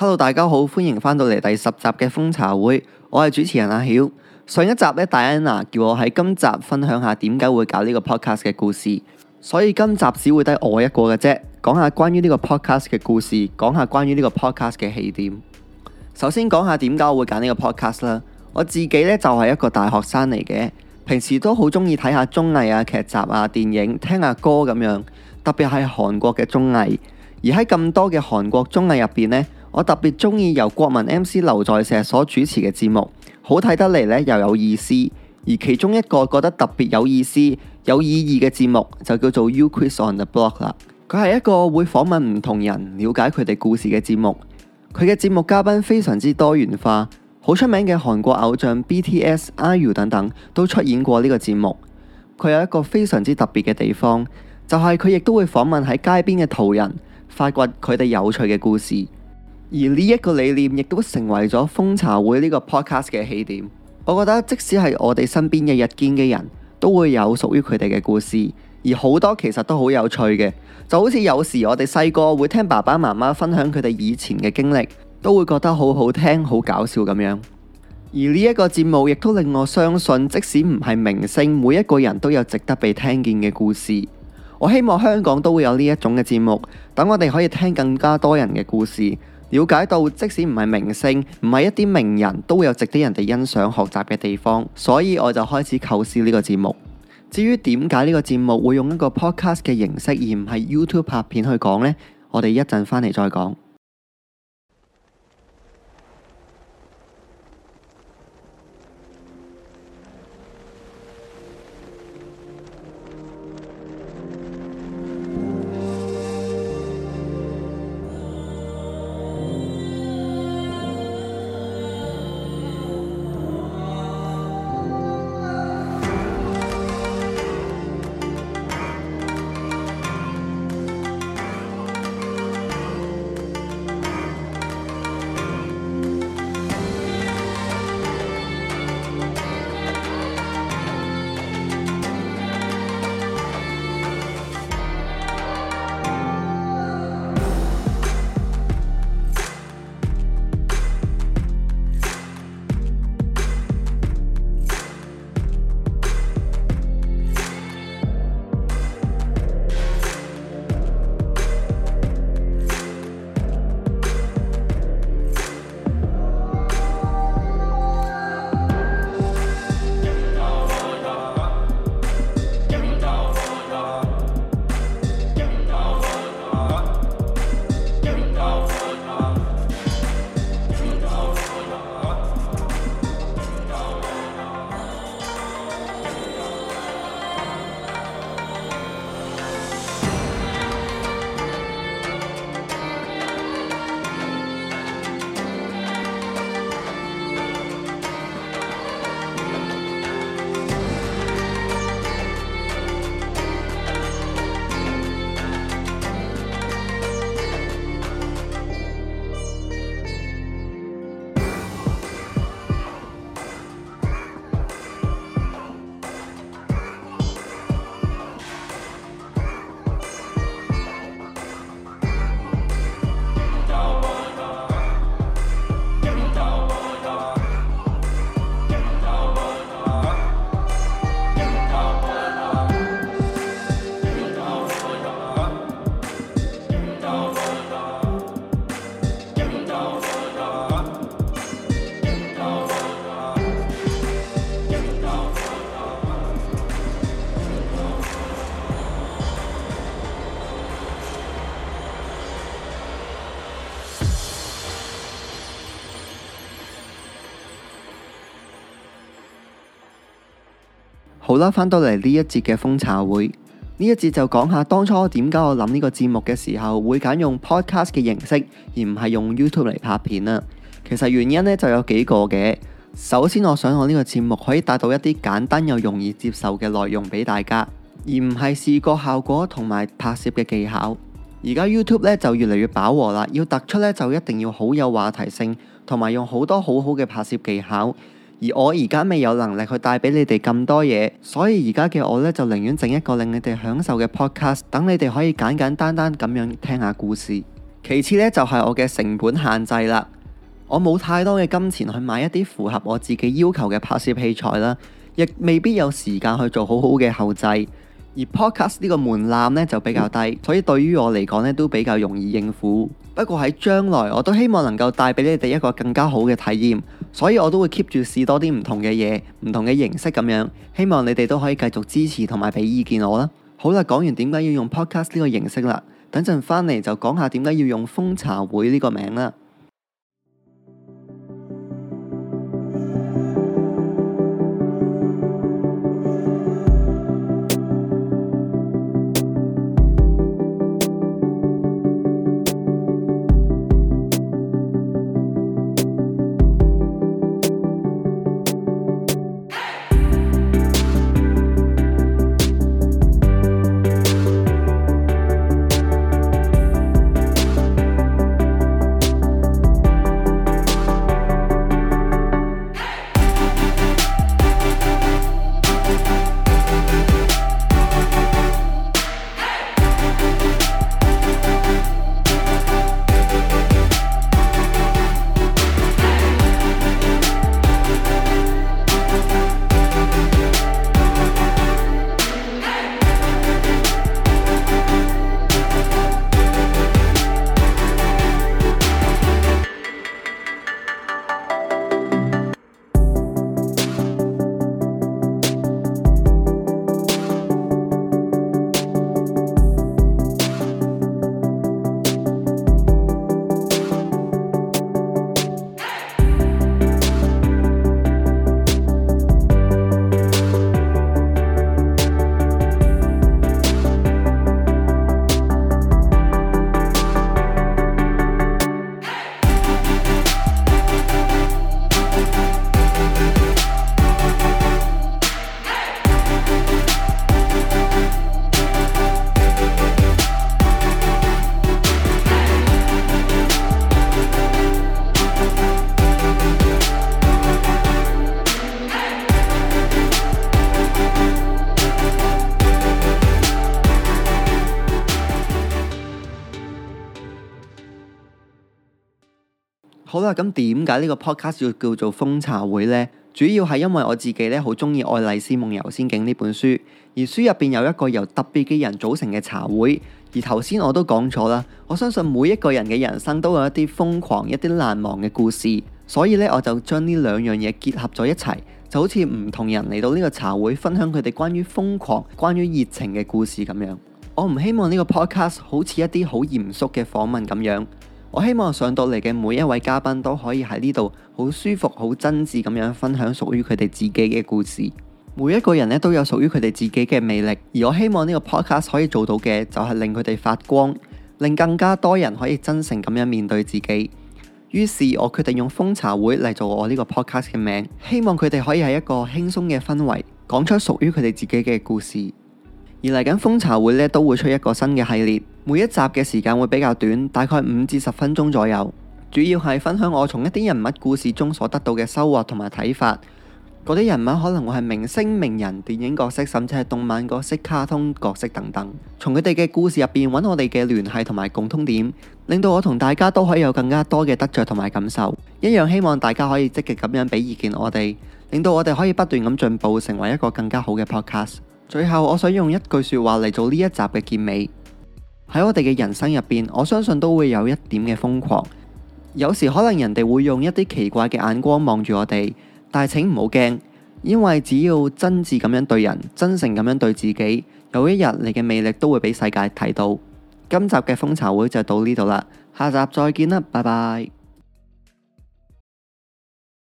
hello，大家好，歡迎翻到嚟第十集嘅《瘋茶會》，我係主持人阿曉。上一集呢，戴安娜叫我喺今集分享下點解會搞呢個 podcast 嘅故事，所以今集只會得我一個嘅啫，講下關於呢個 podcast 嘅故事，講下關於呢個 podcast 嘅起點。首先講下點解我會揀呢個 podcast 啦。我自己呢，就係一個大學生嚟嘅，平時都好中意睇下綜藝啊、劇集啊、電影，聽下歌咁樣。特別係韓國嘅綜藝，而喺咁多嘅韓國綜藝入邊呢。我特別中意由國民 MC 劉在石所主持嘅節目，好睇得嚟咧，又有意思。而其中一個覺得特別有意思、有意義嘅節目就叫做《You Quiz on the Block》啦。佢係一個會訪問唔同人，了解佢哋故事嘅節目。佢嘅節目嘉賓非常之多元化，好出名嘅韓國偶像 BTS、IU 等等都出演過呢個節目。佢有一個非常之特別嘅地方，就係佢亦都會訪問喺街邊嘅途人，發掘佢哋有趣嘅故事。而呢一個理念亦都成為咗《瘋茶會》呢個 podcast 嘅起點。我覺得即使係我哋身邊日日見嘅人，都會有屬於佢哋嘅故事，而好多其實都好有趣嘅。就好似有時我哋細個會聽爸爸媽媽分享佢哋以前嘅經歷，都會覺得好好聽、好搞笑咁樣。而呢一個節目亦都令我相信，即使唔係明星，每一個人都有值得被聽見嘅故事。我希望香港都會有呢一種嘅節目，等我哋可以聽更加多人嘅故事。了解到，即使唔係明星，唔係一啲名人，都有值得人哋欣賞學習嘅地方，所以我就開始構思呢個節目。至於點解呢個節目會用一個 Podcast 嘅形式，而唔係 YouTube 拍片去講呢？我哋一陣翻嚟再講。好啦，返到嚟呢一節嘅瘋茶會，呢一節就講下當初點解我諗呢個節目嘅時候會揀用 podcast 嘅形式，而唔係用 YouTube 嚟拍片啦。其實原因呢就有幾個嘅。首先，我想我呢個節目可以帶到一啲簡單又容易接受嘅內容俾大家，而唔係視覺效果同埋拍攝嘅技巧。而家 YouTube 呢就越嚟越飽和啦，要突出呢就一定要好有話題性，同埋用好多好好嘅拍攝技巧。而我而家未有能力去帶俾你哋咁多嘢，所以而家嘅我呢，就寧願整一個令你哋享受嘅 podcast，等你哋可以簡簡單單咁樣聽下故事。其次呢，就係我嘅成本限制啦，我冇太多嘅金錢去買一啲符合我自己要求嘅拍攝器材啦，亦未必有時間去做好好嘅後製。而 Podcast 呢個門檻呢，就比較低，所以對於我嚟講呢，都比較容易應付。不過喺將來我都希望能夠帶俾你哋一個更加好嘅體驗，所以我都會 keep 住試多啲唔同嘅嘢、唔同嘅形式咁樣，希望你哋都可以繼續支持同埋俾意見我啦。好啦，講完點解要用 Podcast 呢個形式啦，等陣翻嚟就講下點解要用瘋茶會呢個名啦。好啦，咁點解呢個 podcast 要叫做《瘋茶會》呢？主要係因為我自己咧好中意《愛麗絲夢遊仙境》呢本書，而書入邊有一個由特別嘅人組成嘅茶會。而頭先我都講咗啦，我相信每一個人嘅人生都有一啲瘋狂、一啲難忘嘅故事，所以咧我就將呢兩樣嘢結合咗一齊，就好似唔同人嚟到呢個茶會分享佢哋關於瘋狂、關於熱情嘅故事咁樣。我唔希望呢個 podcast 好似一啲好嚴肅嘅訪問咁樣。我希望上到嚟嘅每一位嘉賓都可以喺呢度好舒服、好真摯咁樣分享屬於佢哋自己嘅故事。每一個人咧都有屬於佢哋自己嘅魅力，而我希望呢個 podcast 可以做到嘅就係令佢哋發光，令更加多人可以真誠咁樣面對自己。於是我決定用瘋茶會嚟做我呢個 podcast 嘅名，希望佢哋可以喺一個輕鬆嘅氛圍講出屬於佢哋自己嘅故事。而嚟緊瘋茶會呢都會出一個新嘅系列。每一集嘅時間會比較短，大概五至十分鐘左右。主要係分享我從一啲人物故事中所得到嘅收穫同埋睇法。嗰啲人物可能會係明星、名人、電影角色，甚至係動漫角色、卡通角色等等。從佢哋嘅故事入邊揾我哋嘅聯繫同埋共通點，令到我同大家都可以有更加多嘅得着同埋感受。一樣希望大家可以積極咁樣俾意見我哋，令到我哋可以不斷咁進步，成為一個更加好嘅 podcast。最後，我想用一句說話嚟做呢一集嘅結尾。喺我哋嘅人生入邊，我相信都會有一點嘅瘋狂。有時可能人哋會用一啲奇怪嘅眼光望住我哋，但係請唔好驚，因為只要真摯咁樣對人，真誠咁樣對自己，有一日你嘅魅力都會俾世界睇到。今集嘅瘋茶會就到呢度啦，下集再見啦，拜拜。